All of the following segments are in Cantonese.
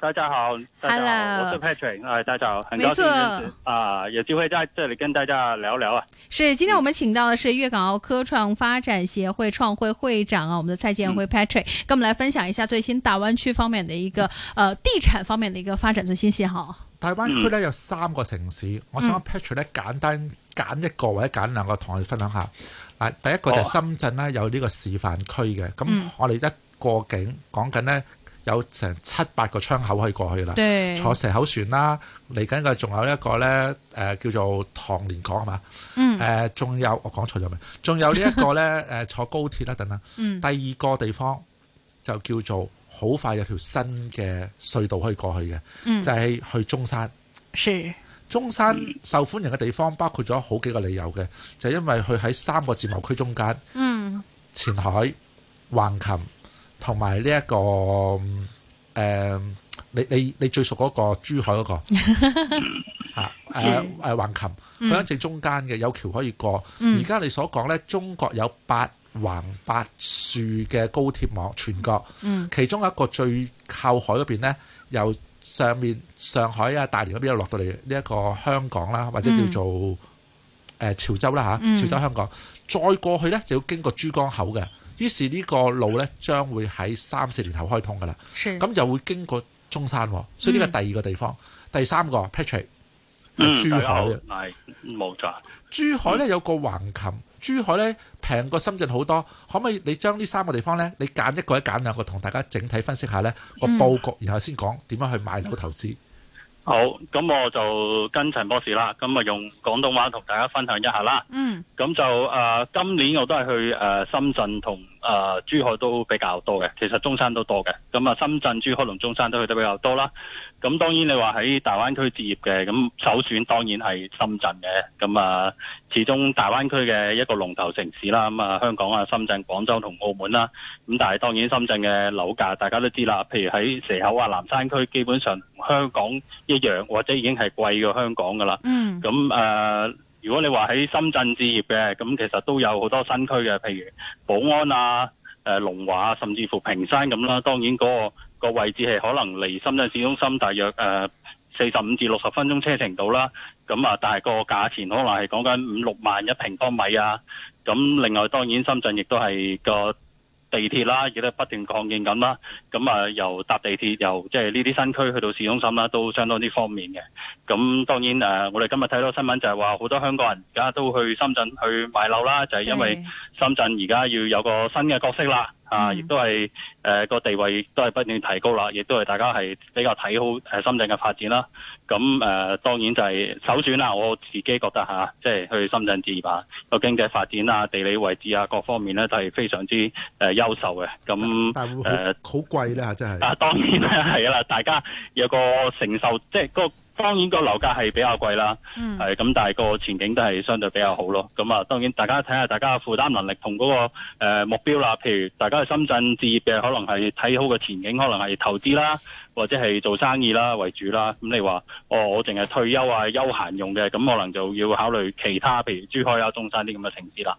大家好，大家好，Hello，我是 Patrick，啊，大家好，很高興認識啊，有機會在這裏跟大家聊聊啊。是，今天我們請到的是粵港澳科創發展協會創會會長啊，我們的蔡健輝 Patrick、嗯、跟我們來分享一下最新大灣區方面的一個，嗯、呃，地產方面的一個發展最新訊號。大灣區呢有三個城市，嗯、我想 Patrick 呢簡單揀一個或者揀兩個同我哋分享下。啊，第一個就係深圳啦，有呢個示範區嘅，咁我哋一過境，講緊呢。嗯有成七八個窗口可以過去啦，對坐蛇口船啦，嚟緊嘅仲有一個呢，誒、呃、叫做唐年港啊嘛，誒仲、嗯呃、有我講錯咗未？仲有呢一個呢，誒、 呃、坐高鐵啦，等等，嗯、第二個地方就叫做好快有條新嘅隧道可以過去嘅，嗯、就係去中山。是中山受歡迎嘅地方，包括咗好幾個理由嘅，就係、因為佢喺三個自貿區中間，嗯、前海、橫琴。同埋呢一個誒、嗯，你你你最熟嗰、那個珠海嗰、那個 啊誒誒、啊、橫琴，佢喺、嗯、正中間嘅，有橋可以過。而家、嗯、你所講呢，中國有八橫八豎嘅高鐵網，全國，嗯、其中一個最靠海嗰邊呢，由上面上海啊、大連嗰邊又落到嚟呢一個香港啦，或者叫做誒、嗯啊、潮州啦嚇，啊嗯、潮州香港，再過去呢就要經過珠江口嘅。於是呢個路呢將會喺三四年後開通噶啦，咁就是會經過中山，哦，所以呢個第二個地方，嗯、第三個 Patrick、嗯、珠海，係冇錯、嗯、珠海呢有個橫琴，珠海呢平過深圳好多。嗯、可唔可以你將呢三個地方呢？你揀一個一揀兩個，同大家整體分析下呢個佈、嗯、局，然後先講點樣去買樓投資。好，咁我就跟陳博士啦，咁啊用廣東話同大家分享一下啦。嗯，咁就誒、呃、今年我都係去誒、呃、深圳同。啊！珠海都比較多嘅，其實中山都多嘅，咁啊，深圳、珠海同中山都去得比較多啦。咁、啊、當然你話喺大灣區置業嘅，咁、啊、首選當然係深圳嘅。咁啊，始終大灣區嘅一個龍頭城市啦。咁啊，香港啊、深圳、廣州同澳門啦。咁、啊、但係當然深圳嘅樓價大家都知啦，譬如喺蛇口啊、南山區，基本上同香港一樣，或者已經係貴過香港噶啦。嗯。咁啊。如果你話喺深圳置業嘅，咁其實都有好多新區嘅，譬如寶安啊、龍、呃、龍華、啊、甚至乎坪山咁啦。當然嗰、嗰個嗰個位置係可能離深圳市中心大約誒四十五至六十分鐘車程度啦。咁啊，但係個價錢可能係講緊五六萬一平方米啊。咁另外當然深圳亦都係個。地鐵啦，亦都不斷擴建緊、啊、啦，咁啊由搭地鐵，由即係呢啲新區去到市中心啦、啊，都相當之方便嘅。咁、嗯、當然誒、啊，我哋今日睇到新聞就係話，好多香港人而家都去深圳去買樓啦，就係、是、因為深圳而家要有個新嘅角色啦。啊！亦都係誒個地位都係不斷提高啦，亦都係大家係比較睇好誒深圳嘅發展啦。咁誒、呃、當然就係首選啦。我自己覺得吓、啊，即係去深圳置業啊，個經濟發展啊、地理位置啊各方面咧都係非常之誒優秀嘅。咁誒好、呃、好貴啦，真係。啊，當然啦，係啦，大家有個承受，即係嗰。當然個樓價係比較貴啦，係咁、嗯，但係個前景都係相對比較好咯。咁啊，當然大家睇下大家嘅負擔能力同嗰個誒目標啦。譬如大家去深圳置業嘅，可能係睇好個前景，可能係投資啦，或者係做生意啦為主啦。咁、嗯、你話哦，我淨係退休啊，休閒用嘅，咁、嗯、可能就要考慮其他，譬如珠海啊、中山啲咁嘅城市啦。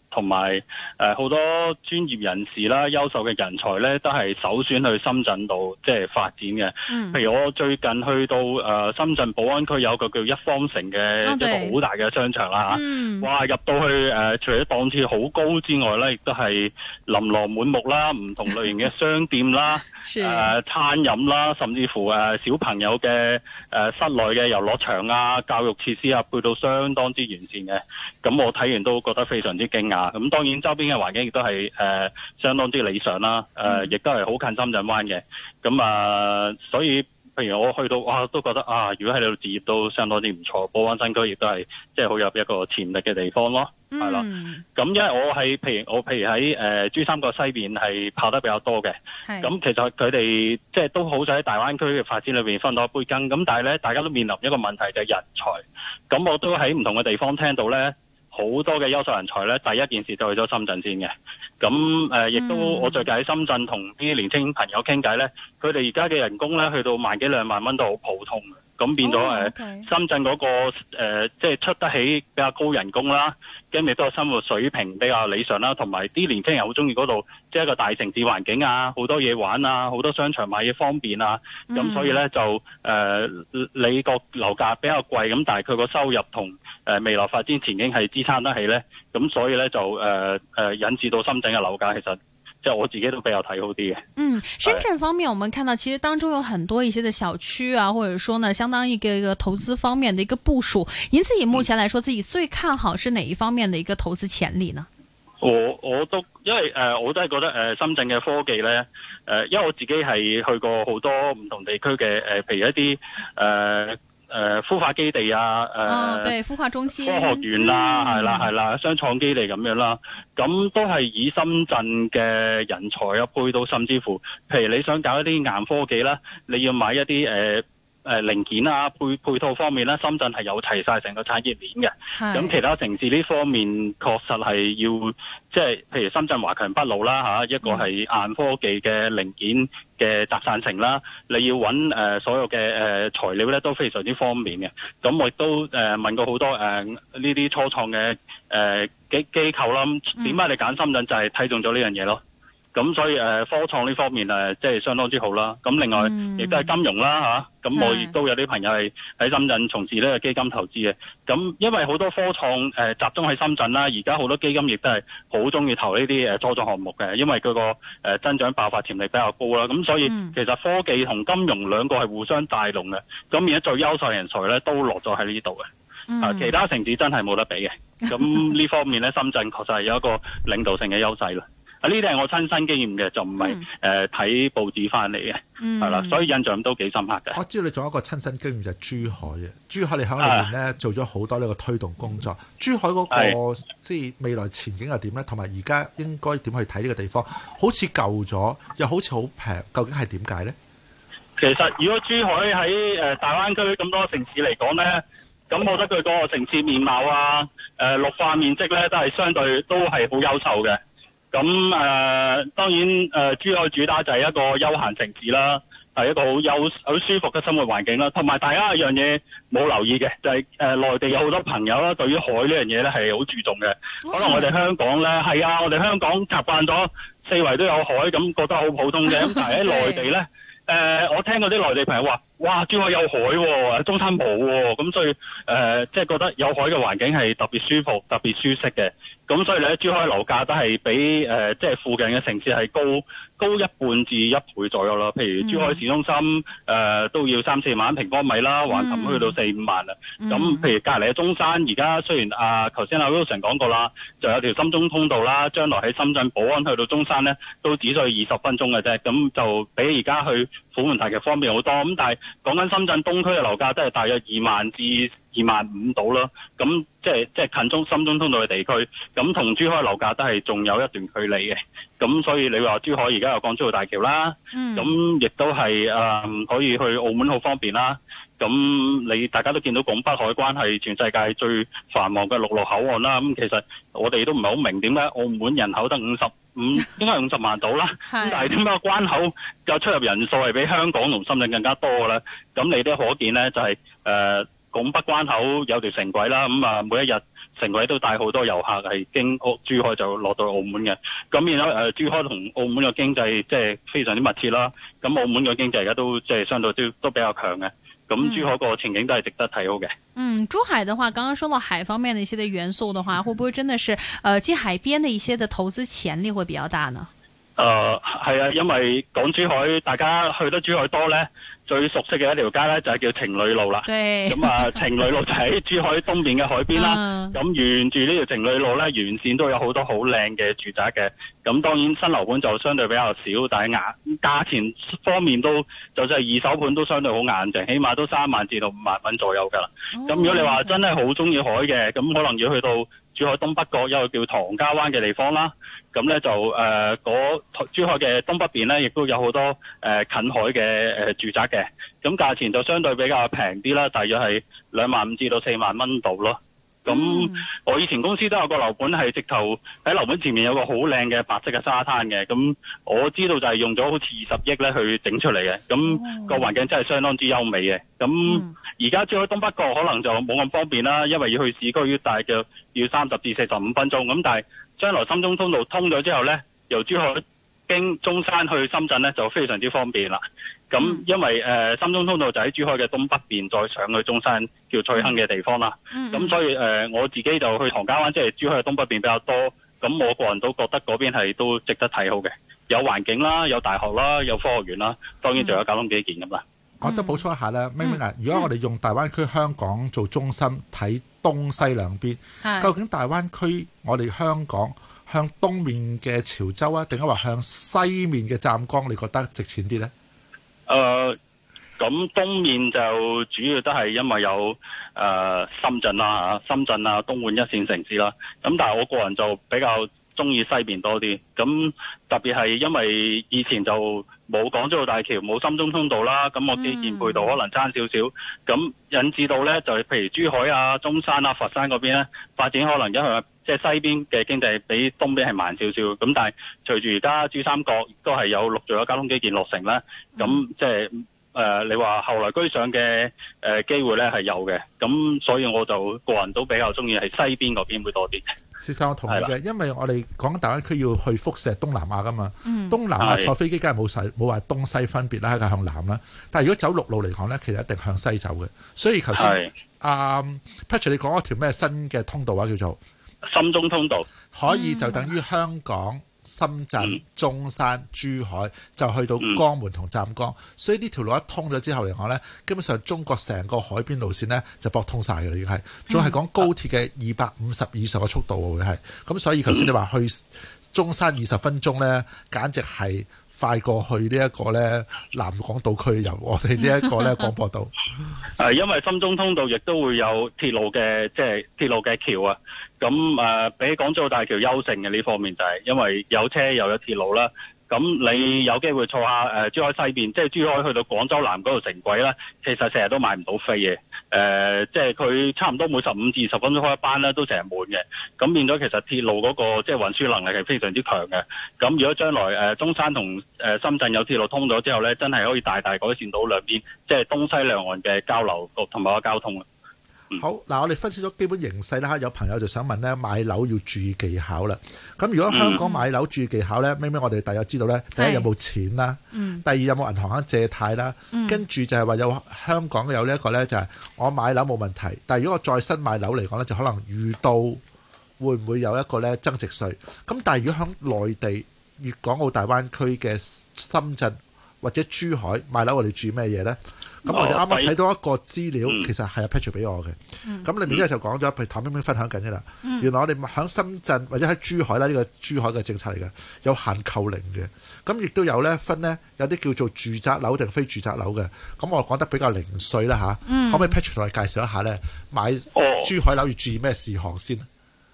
同埋誒好多專業人士啦、優秀嘅人才咧，都係首選去深圳度即係發展嘅。嗯，譬如我最近去到誒、呃、深圳寶安區有個叫一方城嘅、啊、一個好大嘅商場啦吓哇！入到去誒、呃、除咗檔次好高之外咧，亦都係琳琅滿目啦，唔同類型嘅商店啦、誒 是、呃、餐飲啦，甚至乎誒小朋友嘅誒、呃、室內嘅遊樂場啊、教育設施啊，配到相當之完善嘅。咁、嗯、我睇完都覺得非常之驚訝。咁、嗯、當然周邊嘅環境亦都係誒相當之理想啦，誒、呃、亦、嗯、都係好近深圳灣嘅，咁、嗯、啊、呃，所以譬如我去到，我、啊、都覺得啊，如果喺度置業都相當之唔錯，寶安新區亦都係即係好有一個潛力嘅地方咯，係、嗯、啦。咁、嗯、因為我喺譬如我譬如喺誒珠三角西面係跑得比較多嘅，咁是、嗯、其實佢哋即係都好想喺大灣區嘅發展裏面分到一杯羹。咁、嗯、但係咧，大家都面臨一個問題就係、是、人才。咁、嗯、我都喺唔同嘅地方聽到咧。好多嘅優秀人才咧，第一件事就去咗深圳先嘅。咁誒，亦、呃、都、嗯、我最近喺深圳同啲年青朋友傾偈咧，佢哋而家嘅人工咧，去到萬幾兩萬蚊都好普通嘅。咁變咗、oh, okay. 深圳嗰、那個即係、呃就是、出得起比較高人工啦，跟住都係生活水平比較理想啦，同埋啲年輕人好中意嗰度，即、就、係、是、一個大城市環境啊，好多嘢玩啊，好多商場買嘢方便啊，咁所以咧就誒、呃，你個樓價比較貴，咁但係佢個收入同未來發展前景係支撐得起咧，咁所以咧就誒、呃呃、引致到深圳嘅樓價其實。即係我自己都比較睇好啲嘅。嗯，深圳方面，我們看到其實當中有很多一些嘅小區啊，或者說呢，相當於一個一個投資方面的一個部署。您自己目前來說，自己最看好是哪一方面的一個投資潛力呢？嗯、我我都因為誒，我都係、呃、覺得誒、呃，深圳嘅科技咧，誒、呃，因為我自己係去過好多唔同地區嘅，誒、呃，譬如一啲誒。呃誒、呃，孵化基地啊，誒、呃哦，對，孵化中心、科學園啦、啊，係啦係啦，商創基地咁樣啦，咁都係以深圳嘅人才啊，配到甚至乎，譬如你想搞一啲硬科技啦，你要買一啲誒。呃誒、呃、零件啊，配配套方面咧，啊，深圳係有齊晒成個產業鏈嘅。咁是其他城市呢方面，確實係要即係，就是，譬如深圳華強北路啦，吓一個係硬科技嘅零件嘅集散城啦。你要揾誒、呃、所有嘅誒、呃、材料咧，都非常之方便嘅。咁我亦都誒、呃、問過好多誒呢啲初創嘅誒機機構啦。點解你揀深圳就係睇中咗呢樣嘢咯？咁所以誒、呃，科創呢方面誒，即係相當之好啦。咁另外，亦都係金融啦嚇。咁、啊、我亦是都有啲朋友係喺深圳從事呢個基金投資嘅。咁因為好多科創誒、呃、集中喺深圳啦，而家好多基金亦都係好中意投呢啲誒初創項目嘅，因為佢個、呃、增長爆發潛力比較高啦。咁所以、嗯、其實科技同金融兩個係互相帶動嘅。咁而家最優秀人才咧都落咗喺呢度嘅。嗯、啊，其他城市真係冇得比嘅。咁呢方面咧，深圳確實係有一個領導性嘅優勢啦。呢啲係我親身經驗嘅，就唔係誒睇報紙翻嚟嘅，係啦、嗯，所以印象都幾深刻嘅。我知道你仲有一個親身經驗就係、是、珠海嘅珠海，你喺裏面咧是的 做咗好多呢個推動工作。是的 珠海嗰、嗰個是的 即係未來前景又點咧？同埋而家應該點去睇呢個地方？好似舊咗，又好似好平，究竟係點解咧？其實如果珠海喺誒大灣區咁多城市嚟講咧，咁我覺得佢嗰個城市面貌啊、誒、呃、綠化面積咧都係相對都係好優秀嘅。咁誒當然誒珠海主打就係一個休閒城市啦，係一個好休好舒服嘅生活環境啦。同埋大家一樣嘢冇留意嘅，就係誒內地有好多朋友啦，對於海呢樣嘢咧係好注重嘅。可能我哋香港咧係啊，我哋香港習慣咗四圍都有海，咁覺得好普通嘅。咁但係喺內地咧，誒我聽到啲內地朋友話。哇！珠海有海喎、哦，中山冇喎、哦，咁所以誒，即、呃、係、就是、覺得有海嘅環境係特別舒服、特別舒適嘅。咁所以咧，珠海樓價都係比誒，即、呃、係、就是、附近嘅城市係高高一半至一倍左右喇。譬如珠海市中心誒、mm hmm. 呃、都要三四萬平方米啦，橫琴去到四五萬啦。咁、mm hmm. 譬如隔離嘅中山，而家雖然啊，頭先阿 Wilson 講過啦，就有條深中通道啦，將來喺深圳寶安去到中山咧，都只需要二十分鐘嘅啫。咁就比而家去虎門大橋方便好多，咁但係講緊深圳東區嘅樓價都係大約二萬至二萬五到啦，咁即係即係近中深中通道嘅地區，咁同珠海樓價都係仲有一段距離嘅，咁所以你話珠海而家有港珠澳大橋啦，咁亦都係誒、呃、可以去澳門好方便啦，咁你大家都見到拱北海關係全世界最繁忙嘅陸路口岸啦，咁其實我哋都唔係好明點解澳門人口得五十。五應該係五十萬度啦，咁但係點解關口嘅出入人數係比香港同深圳更加多嘅咧？咁你都可見咧，就係誒拱北關口有條城軌啦，咁啊每一日城軌都帶好多遊客係經過珠海就落到澳門嘅。咁然後誒珠海同澳門嘅經濟即係非常之密切啦。咁澳門嘅經濟而家都即係相對都都比較強嘅。咁珠海個情景都係值得睇好嘅。嗯，珠海嘅話，剛剛說到海方面的一些嘅元素的話，會不會真的是，呃，海邊的一些的投資潛力會比較大呢？誒、呃，係啊，因為講珠海，大家去得珠海多呢。最熟悉嘅一條街咧，就係、是、叫情侶路啦。咁啊對， 情侶路就喺珠海東邊嘅海邊啦。咁、嗯、沿住呢條情侶路咧，沿線都有好多好靚嘅住宅嘅。咁當然新樓盤就相對比較少，但係價價錢方面都就係二手盤都相對好硬淨，起碼都三萬至到五萬蚊左右㗎喇。咁、哦、如果你話真係好中意海嘅，咁可能要去到。珠海東北角有一個叫唐家灣嘅地方啦，咁咧就誒嗰、呃、珠海嘅東北邊咧，亦都有好多誒、呃、近海嘅誒住宅嘅，咁價錢就相對比較平啲啦，大約係兩萬五至到四萬蚊度咯。咁、嗯、我以前公司都有個樓盤係直頭喺樓盤前面有個好靚嘅白色嘅沙灘嘅，咁我知道就係用咗好似二十億咧去整出嚟嘅，咁個環境真係相當之優美嘅。咁而家珠海東北角可能就冇咁方便啦，因為要去市區，要大約要三十至四十五分鐘。咁但係將來深中通道通咗之後咧，由珠海。經中山去深圳咧就非常之方便啦，咁、嗯、因為誒深中通道就喺珠海嘅東北邊，再上去中山叫翠亨嘅地方啦。咁、嗯、所以誒我自己就去唐家灣，即、就、係、是、珠海嘅東北邊比較多。咁我個人都覺得嗰邊係都值得睇好嘅，有環境啦，有大學啦，有科學院啦，當然仲有交通基建咁啦。嗯、我都補充一下咧，明明、啊嗯、如果我哋用大灣區香港做中心睇東西兩邊，的究竟大灣區我哋香港？向東面嘅潮州啊，定係話向西面嘅湛江，你覺得值錢啲呢？誒、呃，咁東面就主要都係因為有誒、呃、深圳啊、深圳啊、東莞一線城市啦、啊。咁但係我個人就比較中意西邊多啲。咁特別係因為以前就冇港珠澳大橋、冇深中通道啦、啊。咁我基建配套可能差少少，咁、嗯、引致到呢，就係譬如珠海啊、中山啊、佛山嗰邊呢，發展可能一向。即係西邊嘅經濟比東邊係慢少少，咁但係隨住而家珠三角都係有陸續嘅交通基建落成咧，咁即係誒，你話後來居上嘅誒機會咧係有嘅，咁所以我就個人都比較中意喺西邊嗰邊會多啲。先生，我同意嘅，因為我哋講大灣區要去輻射東南亞噶嘛，東南亞坐飛機梗係冇晒冇話東西分別啦，係向南啦。但係如果走陸路嚟講咧，其實一定向西走嘅。所以頭先阿 Patrick 你講一條咩新嘅通道啊，叫做？深中通道、嗯、可以就等於香港、深圳、中山、珠海就去到江門同湛江，嗯嗯、所以呢條路一通咗之後嚟講咧，基本上中國成個海邊路線咧就駁通晒嘅，已經係仲係講高鐵嘅二百五十以上嘅速度喎，會係咁、嗯，所以頭先你話去中山二十分鐘咧，嗯、簡直係。快過去呢一個咧，南港島區由我哋呢一個咧廣播道，誒，因為深中通道亦都會有鐵路嘅，即係鐵路嘅橋啊，咁誒，比起港珠澳大橋優勝嘅呢方面就係因為有車又有鐵路啦。咁你有機會坐下誒珠海西邊，即係珠海去到廣州南嗰度城軌咧，其實成日都買唔到飛嘅。誒、呃，即係佢差唔多每十五至十分鐘開一班咧，都成日滿嘅。咁變咗其實鐵路嗰、那個即係運輸能力係非常之強嘅。咁如果將來誒、呃、中山同誒深圳有鐵路通咗之後咧，真係可以大大改善到兩邊即係東西兩岸嘅交流同埋個交通。好，嗱我哋分析咗基本形勢啦，有朋友就想問咧買樓要注意技巧啦。咁如果香港買樓注意技巧呢？咩咩我哋大家知道呢，第一有冇錢啦，第二有冇銀行肯借貸啦，跟住就係話有香港有呢一個呢，就係我買樓冇問題，但係如果我再新買樓嚟講呢，就可能遇到會唔會有一個呢增值稅。咁但係如果響內地、粵港澳大灣區嘅深圳或者珠海買樓，我哋注意咩嘢呢？咁我哋啱啱睇到一個資料，嗯、其實係阿 Patrick 俾我嘅。咁裏、嗯、面一就講咗，譬、嗯、如唐冰冰分享緊嘅啦。嗯、原來我哋喺深圳或者喺珠海咧，呢、這個珠海嘅政策嚟嘅，有限購令嘅。咁亦都有咧分咧，有啲叫做住宅樓定非住宅樓嘅。咁我講得比較零碎啦嚇。可、啊、唔、嗯、可以 Patrick 同你介紹一下咧？買珠海樓要注意咩事項先？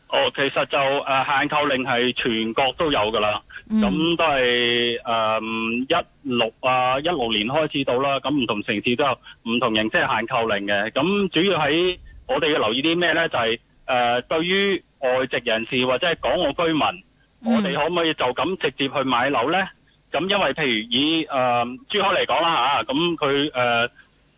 哦，其實就誒限購令係全國都有噶啦，咁、嗯、都係誒一六啊一六年開始到啦，咁唔同城市都有唔同形式嘅限購令嘅。咁主要喺我哋要留意啲咩咧？就係、是、誒、呃、對於外籍人士或者係港澳居民，嗯、我哋可唔可以就咁直接去買樓咧？咁因為譬如以誒珠海嚟講啦吓，咁佢誒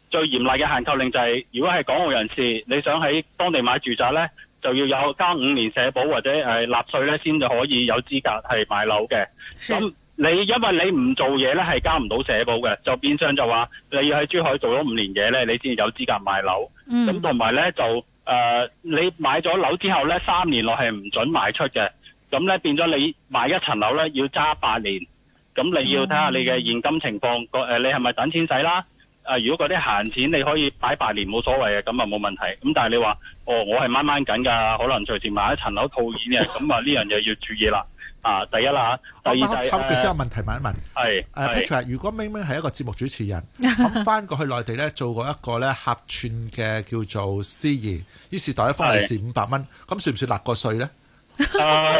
最嚴厲嘅限購令就係、是、如果係港澳人士，你想喺當地買住宅咧。就要有交五年社保或者誒納稅咧，先就可以有資格係買樓嘅。咁是你因為你唔做嘢咧，係交唔到社保嘅，就變相就話你要喺珠海做咗五年嘢咧，你先有資格買樓。咁同埋咧就誒、呃，你買咗樓之後咧，三年內係唔准賣出嘅。咁咧變咗你買一層樓咧，要揸八年。咁你要睇下你嘅現金情況，嗯呃、你係咪等錢使啦？啊！如果嗰啲閒錢你可以擺八年冇所謂嘅，咁啊冇問題。咁但係你話，哦，我係掹掹緊㗎，可能隨時買一層樓套現嘅，咁啊呢樣嘢要注意啦。啊，第一啦嚇，我而家抽佢先有問題問一問。係，誒 Patrick，如果明明係一個節目主持人，翻過去內地咧做過一個咧客串嘅叫做司儀，於是袋一封利是五百蚊，咁算唔算納過稅咧？啊，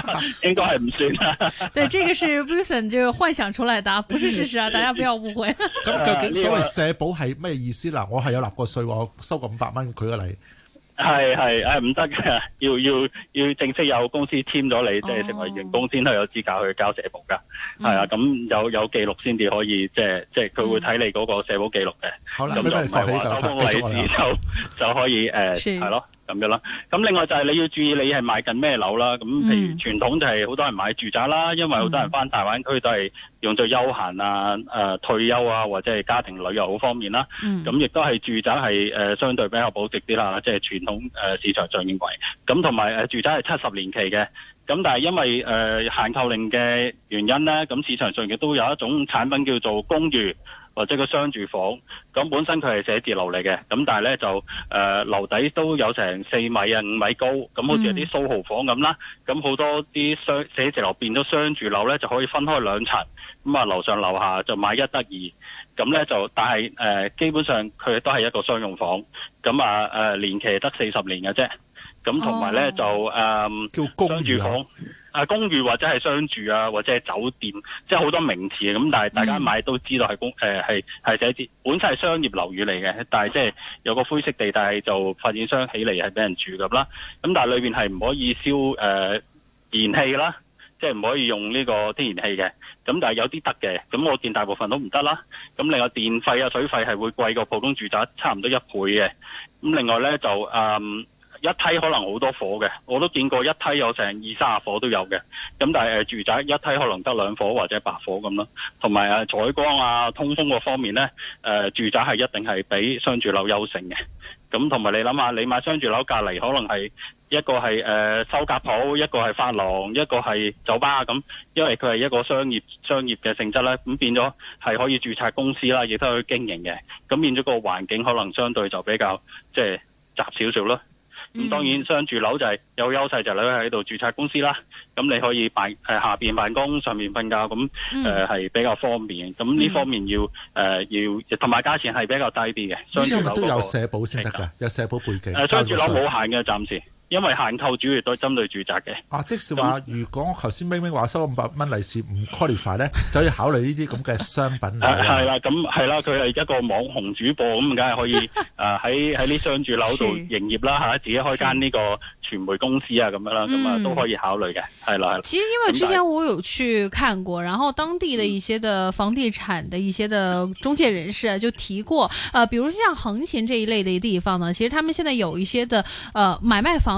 應該係唔算啦。 對，這個是 Wilson 就幻想出來答不是事實啊，大家不要誤會，啊。咁 究竟所謂社保係咩意思嗱？我係有納過稅，我收過五百蚊，佢嘅嚟係係誒，唔得嘅，要要要正式有公司簽咗你，即係成為員工先係有資格去交社保噶。係啊、oh.，咁有有記錄先至可以，即係即係佢會睇你嗰個社保記錄嘅。好啦了，咁唔係咁個位置就就可以誒，係咯。 咁樣啦，咁另外就係你要注意你係買緊咩樓啦。咁譬如傳統就係好多人買住宅啦，因為好多人翻大灣區都係用作休閒啊、呃、退休啊，或者係家庭旅遊好方便啦。咁亦、嗯、都係住宅係、呃、相對比較保值啲啦，即係傳統、呃、市場上認為。咁同埋住宅係七十年期嘅，咁但係因為誒限購令嘅原因呢，咁市場上亦都有一種產品叫做公寓。或者個商住房，咁本身佢係寫字樓嚟嘅，咁但係呢，就誒、呃、樓底都有成四米啊五米高，咁好似啲蘇豪房咁啦，咁好多啲寫寫字樓變咗商住樓呢，就可以分開兩層，咁啊樓上樓下就買一得二，咁呢，就但係誒、呃、基本上佢都係一個商用房，咁啊誒年期得四十年嘅啫，咁同埋呢，哦、就、呃、叫公寓房。公寓或者係商住啊，或者係酒店，即係好多名詞咁。但係大家買都知道係公，誒係係寫字，本身係商業樓宇嚟嘅，但係即係有個灰色地帶，就發展商起嚟係俾人住咁啦。咁但係裏邊係唔可以燒誒燃、呃、氣啦，即係唔可以用呢個天然氣嘅。咁但係有啲得嘅，咁我見大部分都唔得啦。咁另外電費啊、水費係會貴過普通住宅差唔多一倍嘅。咁另外咧就嗯。一梯可能好多火嘅，我都見過一梯有成二三十火都有嘅。咁但係住宅一梯可能得兩火或者八火咁咯。同埋採光啊、通風個方面呢，呃、住宅係一定係比商住樓優勝嘅。咁同埋你諗下，你買商住樓隔離可能係一個係收甲鋪，一個係髮、呃、廊，一個係酒吧咁，因為佢係一個商業商業嘅性質呢，咁變咗係可以註冊公司啦，亦都可以經營嘅。咁變咗個環境可能相對就比較即係雜少少咯。咁、嗯、當然商住樓就係有優勢，就你喺度註冊公司啦。咁你可以辦下邊辦公，上面瞓覺，咁誒係比較方便。咁呢方面要誒要，同埋、嗯呃、價錢係比較低啲嘅。商住樓、那個、係唔係都有社保先得㗎？的有社保背景。商住、啊、樓冇限嘅暫時。因為限購主要都針對住宅嘅。啊，即使話、嗯、如果我頭先明明話收五百蚊利是唔 qualify 咧，就要考慮呢啲咁嘅商品樓。係啦 啊，咁係啦，佢、嗯、係一個網紅主播咁，梗、嗯、係可以啊喺喺呢商住樓度營業啦嚇、啊，自己開間呢個傳媒公司啊咁樣啦，咁啊都可以考慮嘅。係啦、嗯，係啦。其實因為之前我有去看過，然後當地的一些嘅房地產的一些嘅中介人士就提過，呃，比如像橫琴這一類嘅地方呢，其實他們現在有一些嘅呃買賣房。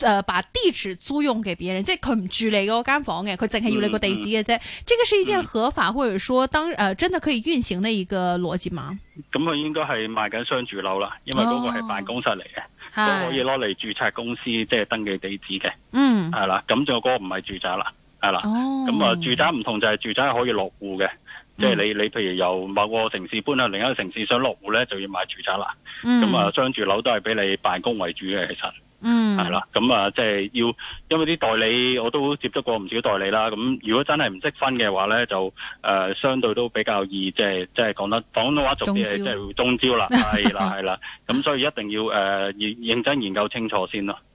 誒，把地址租用給別人，即係佢唔住你嗰間房嘅，佢淨係要你個地址嘅啫。嗯、這個是一件合法，嗯、或者說當誒、呃、真的可以運行的一個邏輯嗎？咁佢應該係賣緊商住樓啦，因為嗰個係辦公室嚟嘅，都、哦、可以攞嚟注冊公司，即係登記地址嘅。的嗯，係啦、嗯，咁仲有嗰個唔係住宅啦，係啦。咁啊、哦嗯，住宅唔同就係、是、住宅可以落戶嘅，即、就、係、是、你你譬如由某個城市搬去另一個城市想落戶咧，就要買住宅啦。咁啊、嗯，商住樓都係俾你辦公為主嘅，其實。嗯，係啦，咁啊，即係要，因為啲代理我都接觸過唔少代理啦。咁如果真係唔識分嘅話咧，就誒、呃、相對都比較易，即係即係講得講到話俗啲，即係會中招啦。係啦，係啦，咁所以一定要誒、呃、認真研究清楚先啦。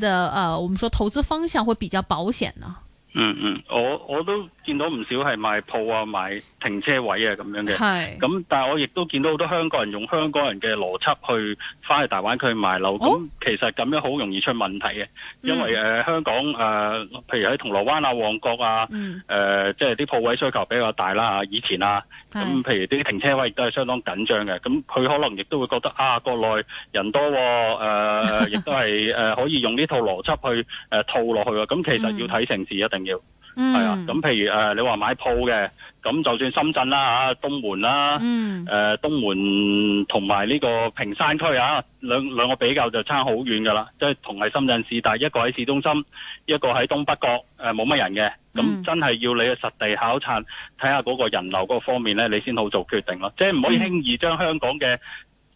的，呃，我們說投資方向會比較保險呢，啊。嗯嗯，我我都見到唔少係買鋪啊，買。停車位啊咁樣嘅，咁是但係我亦都見到好多香港人用香港人嘅邏輯去翻去大灣區買樓，咁、哦、其實咁樣好容易出問題嘅，嗯、因為誒、呃、香港誒、呃，譬如喺銅鑼灣啊、旺角啊，誒、嗯呃、即係啲鋪位需求比較大啦嚇，以前啊，咁是譬如啲停車位都係相當緊張嘅，咁佢可能亦都會覺得啊，國內人多、哦，誒、呃、亦 都係誒、呃、可以用呢套邏輯去、呃、套落去啊，咁、嗯、其實要睇城市一定要。係、嗯、啊，咁譬如誒、呃，你話買鋪嘅，咁就算深圳啦、啊，吓東門啦、啊，誒、嗯、呃、東門同埋呢個坪山區啊，兩兩個比較就差好遠噶啦，即係同係深圳市，但係一個喺市中心，一個喺東北角，誒冇乜人嘅，咁、嗯、真係要你去實地考察，睇下嗰個人流嗰個方面咧，你先好做決定咯，即係唔可以輕易將香港嘅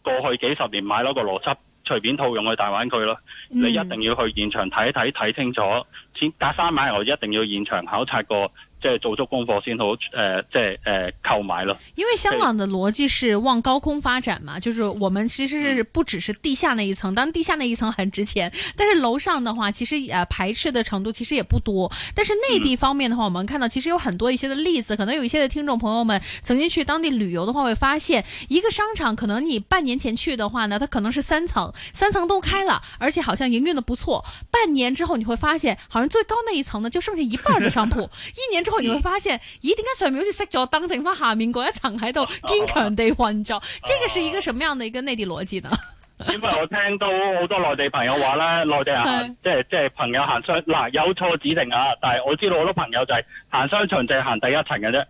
過去幾十年買樓個邏輯。隨便套用去大灣區咯，你一定要去現場睇睇，睇清楚，先架三買我一定要現場考察過。即係做足功課，先好，誒、呃，即係誒購買咯。呃、了因為香港的邏輯是往高空發展嘛，對就是我們其實是不只是地下那一層，當然地下那一層很值錢。但是樓上的話，其實也、呃、排斥的程度其實也不多。但是內地方面的話，嗯、我們看到其實有很多一些的例子，可能有一些的聽眾朋友們曾經去當地旅遊的話，會發現一個商場，可能你半年前去的話呢，它可能是三層，三層都開了，而且好像營運的不錯。半年之後你會發現，好像最高那一層呢就剩下一半的商鋪。 一年之後。你、嗯、會發現咦？點解上面好似熄咗燈，剩翻下面嗰一層喺度堅強地運作？啊啊啊、這個是一個什麼樣的一個內地邏輯呢？因為我聽到好多內地朋友話咧，內地人即係即係朋友行商，嗱、啊、有錯指定啊！但係我知道好多朋友就係行商場，就係行第一層嘅啫。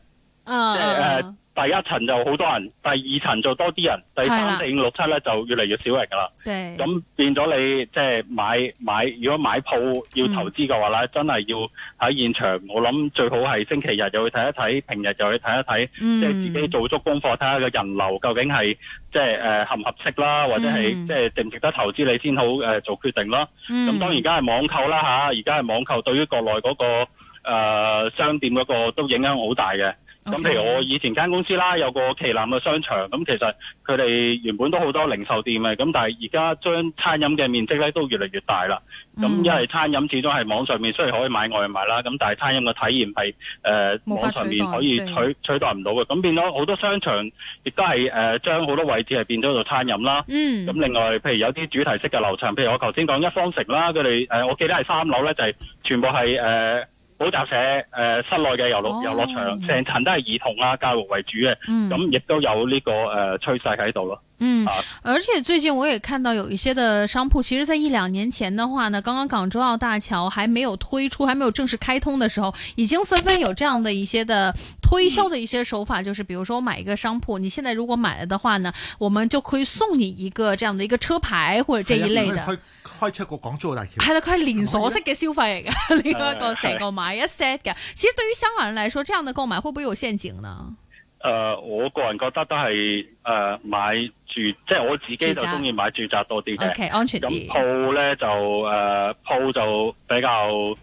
即係誒，第一層就好多人，第二層就多啲人，第三、啊、四、五、六、七咧就越嚟越少人噶啦。咁、啊、變咗你即係、就是、買買，如果買鋪要投資嘅話咧，嗯、真係要喺現場。我諗最好係星期日就去睇一睇，平日就去睇一睇，即係、嗯、自己做足功課，睇下個人流究竟係即係誒合唔合適啦，或者係即係值唔值得投資，你先好誒做決定啦。咁、嗯、當然而家係網購啦吓，而家係網購對於國內嗰、那個誒、呃、商店嗰個都影響好大嘅。咁 Okay. 譬如我以前間公司啦，有個旗艦嘅商場，咁其實佢哋原本都好多零售店嘅，咁但係而家將餐飲嘅面積咧都越嚟越大啦。咁因為餐飲始終係網上面雖然可以買外賣啦，咁但係餐飲嘅體驗係誒、呃、網上面可以取的取，取代唔到嘅。咁變咗好多商場亦都係誒將好多位置係變咗做餐飲啦。嗯。咁另外，譬如有啲主題式嘅樓層，譬如我頭先講一方城啦，佢哋、呃、我記得係三樓咧，就係、是、全部係誒。呃補習社誒、呃，室內嘅遊樂遊樂場，成層都係兒童啊，教育為主嘅，咁亦、mm. 都有呢、這個誒趨勢喺度咯。呃嗯，啊、而且最近我也看到有一些的商鋪，其實，在一兩年前的話呢，剛剛港珠澳大橋還沒有推出、還沒有正式開通的時候，已經紛紛有這樣的一些的推銷的一些手法，嗯、就是比如說我買一個商鋪，你現在如果買了的話呢，我們就可以送你一個這樣的一個車牌或者這一類的。開開車過港珠澳大橋？係啦，佢係連鎖式嘅消費嚟噶， 另外一個成個買一 set 嘅、哎、其實對於香港人來說，這樣的購買會不會有陷阱呢？誒、呃，我個人覺得都係誒、呃、買住，即係我自己就中意買住宅多啲嘅。Okay, 安全啲。咁鋪咧就誒鋪、呃、就比較誒、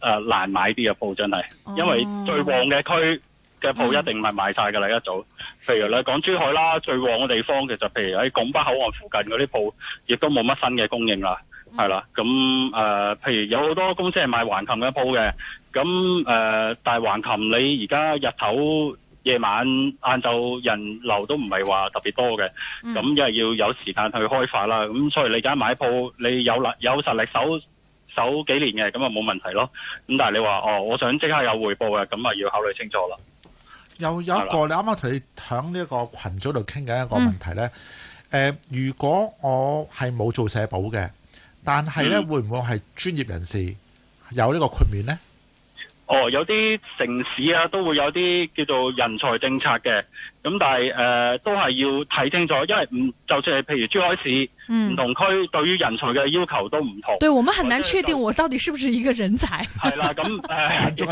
呃、難買啲嘅鋪，真係。嗯、因為最旺嘅區嘅鋪一定唔係賣晒噶啦，一早、嗯。譬如你講珠海啦，最旺嘅地方其實譬如喺拱北口岸附近嗰啲鋪，亦都冇乜新嘅供應啦，係啦、嗯。咁誒、呃，譬如有好多公司係賣橫琴嘅鋪嘅，咁誒大橫琴你而家日頭。夜晚，晏晝人流都唔係話特別多嘅，咁又要有時間去開發啦。咁所以你而家買鋪你有力有實力，守守幾年嘅，咁啊冇問題咯。咁但係你話哦，我想即刻有回報嘅，咁啊要考慮清楚啦。又有一個，的你啱啱同你響呢個群組度傾緊一個問題呢。誒、嗯呃，如果我係冇做社保嘅，但係呢、嗯，會唔會係專業人士有呢個豁免呢？哦，有啲城市啊，都會有啲叫做人才政策嘅，咁、嗯、但係、呃、都係要睇清楚，因為唔就算係譬如珠海市，唔、嗯、同區對於人才嘅要求都唔同。對，我們很難確定我，我到底是不是一個人才。係啦，咁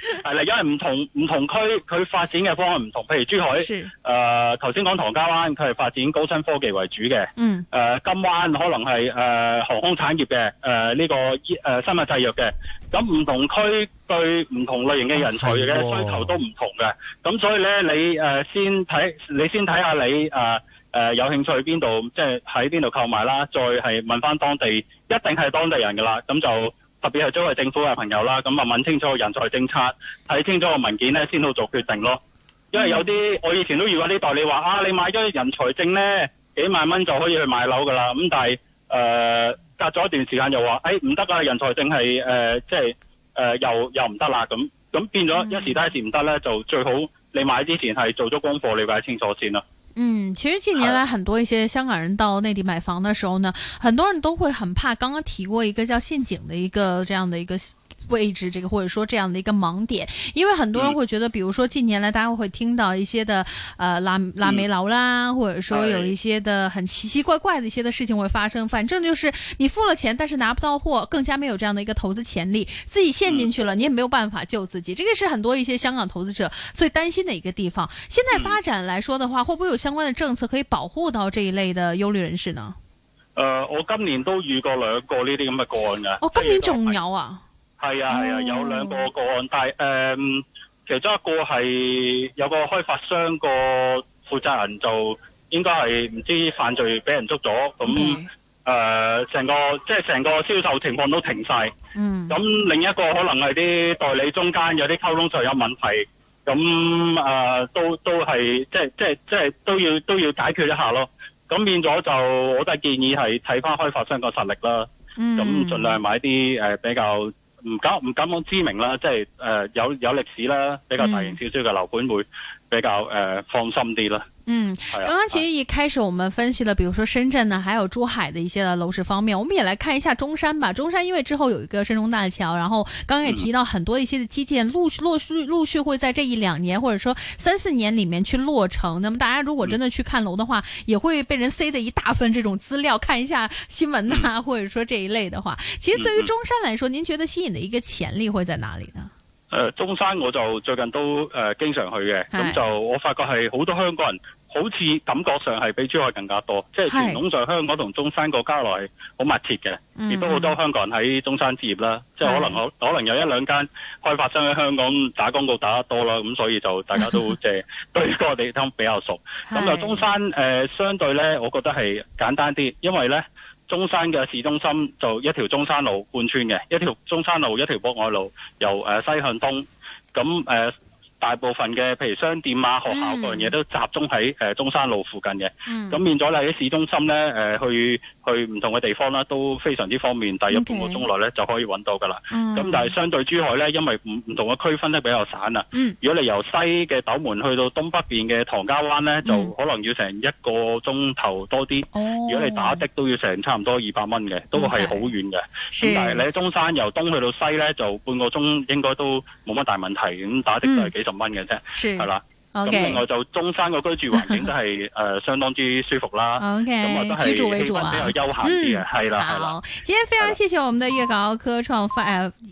係，嗱， 因為唔同唔同區，佢發展嘅方向唔同。譬如珠海，誒的，頭先講唐家灣，佢係發展高新科技為主嘅。嗯。誒、呃，金灣可能係誒、呃、航空產業嘅，誒、呃、呢、這個誒、呃、生物製藥嘅。咁唔同區對唔同類型嘅人才嘅需求都唔同嘅。咁的所以咧，你誒、呃、先睇，你先睇下你誒誒、呃呃、有興趣邊度，即係喺邊度購買啦，再係問翻當地，一定係當地人噶啦。咁就。特別係作為政府嘅朋友啦，咁啊問清楚人才政策，睇清楚個文件咧，先好做決定咯。因為有啲、mm hmm. 我以前都遇過啲代理話啊，你買咗人才證咧，幾萬蚊就可以去買樓噶啦。咁但係誒、呃，隔咗一段時間又話誒唔得啊，人才證係誒即係誒、呃、又又唔得啦。咁咁變咗一時得一時唔得咧，就最好你買之前係做咗功課，你了解清楚先啦。嗯，其實近年來很多一些香港人到內地買房的時候呢，啊，很多人都會很怕。剛剛提過一個叫“陷阱”的一個這樣的一個。位置這個，或者說這樣的一個盲點，因為很多人會覺得，嗯、比如說近年來大家會聽到一些的呃爛、爛尾樓啦，嗯、或者說有一些的很奇奇怪怪的一些的事情會發生。嗯、反正就是你付了錢，但是拿不到貨，更加沒有這樣的一個投資潛力，自己陷進去了，嗯、你也沒有辦法救自己。這個是很多一些香港投資者最擔心的一個地方。現在發展來說的話，嗯、會不會有相關的政策可以保護到這一類的憂慮人士呢？呃，我今年都遇過兩個呢、啊，啲咁嘅個案噶。我今年仲有啊。係啊係啊，有兩個個案，但係誒、嗯，其中一個係有個開發商個負責人就應該係唔知犯罪俾人捉咗，咁誒成個即係成個銷售情況都停晒。咁、嗯、另一個可能係啲代理中間有啲溝通上有問題，咁誒、呃、都都係即係即係即係都要都要解決一下咯。咁變咗就我都係建議係睇翻開發商個實力啦。咁盡量買啲誒、呃、比較。唔敢唔敢講知名啦，即係誒、呃、有有歷史啦，比較大型少少嘅樓盤會比較誒、嗯呃、放心啲啦。嗯，啊、剛剛其實一開始我們分析了，啊、比如說深圳呢，還有珠海的一些的樓市方面，我們也來看一下中山吧。中山因為之後有一個深中大橋，然後剛剛也提到很多一些的基建陸續陸續、嗯、陸續會在這一兩年或者說三四年裏面去落成。那麼大家如果真的去看樓的話，嗯、也會被人塞的一大份這種資料，看一下新聞呐、啊，嗯、或者說這一類的話。其實對於中山來說，嗯、您覺得吸引的一個潛力會在哪裏呢？呃，中山我就最近都呃經常去的，咁是就我發覺係好多香港人。好似感覺上係比珠海更加多，即係傳統上香港同中山嘅交流好密切嘅，亦都好多香港人喺中山置業啦。是即係可能可能有一兩間開發商喺香港打廣告打得多啦，咁所以就大家都即係對個地方比較熟。咁 就中山是、呃、相對咧，我覺得係簡單啲，因為咧中山嘅市中心就一條中山路貫穿嘅，一條中山路，一條博愛路由、呃、西向東咁大部分嘅譬如商店啊、學校嗰樣嘢都集中喺誒、呃、中山路附近嘅，咁、嗯、變咗你喺市中心咧誒、呃、去去唔同嘅地方啦、啊、都非常之方便，大約半個鐘內咧就可以揾到噶啦。咁、嗯、但係相對珠海咧，因為唔唔同嘅區分咧比較散啦、啊。嗯、如果你由西嘅斗門去到東北邊嘅唐家灣咧，嗯、就可能要成一個鐘頭多啲。哦、如果你打的都要成差唔多二百蚊嘅，嗯、都係好遠嘅。是但係你喺中山由東去到西咧，就半個鐘應該都冇乜大問題。咁打的就係幾十蚊嘅啫，係啦。咁、okay。另外就中山個居住環境都係誒相當之舒服啦。咁 Okay, 我都係氣氛比較休閒啲嘅，係啦，係啦。好，今天非常謝謝我們的粵港澳科創發誒。 啊